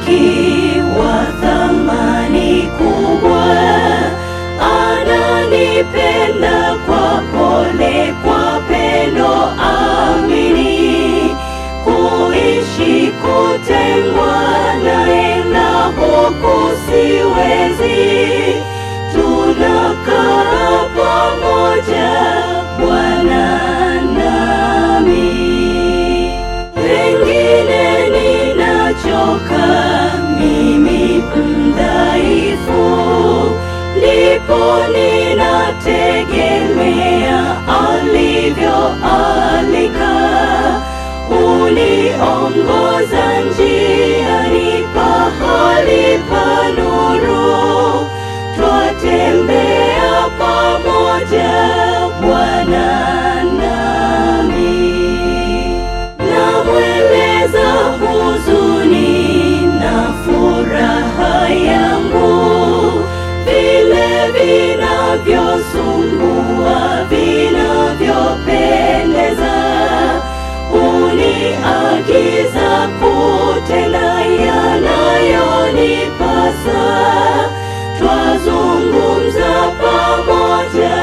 Rafiki thamani kubwa, ananipenda kwa pole, kwa pendo amini. Kuishi kutengwa naye kusiwezi, tunakaa pamoja take it. giza kutenda yanayonipasa, twazungumza pamoja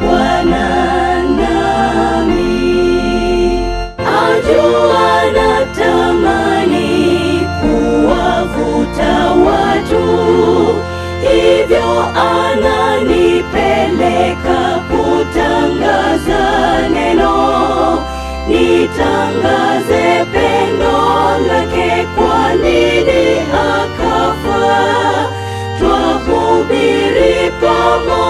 Bwana nami, ajua natamani kuwavuta watu, hivyo ananipeleka kutangaza neno nitangaza Como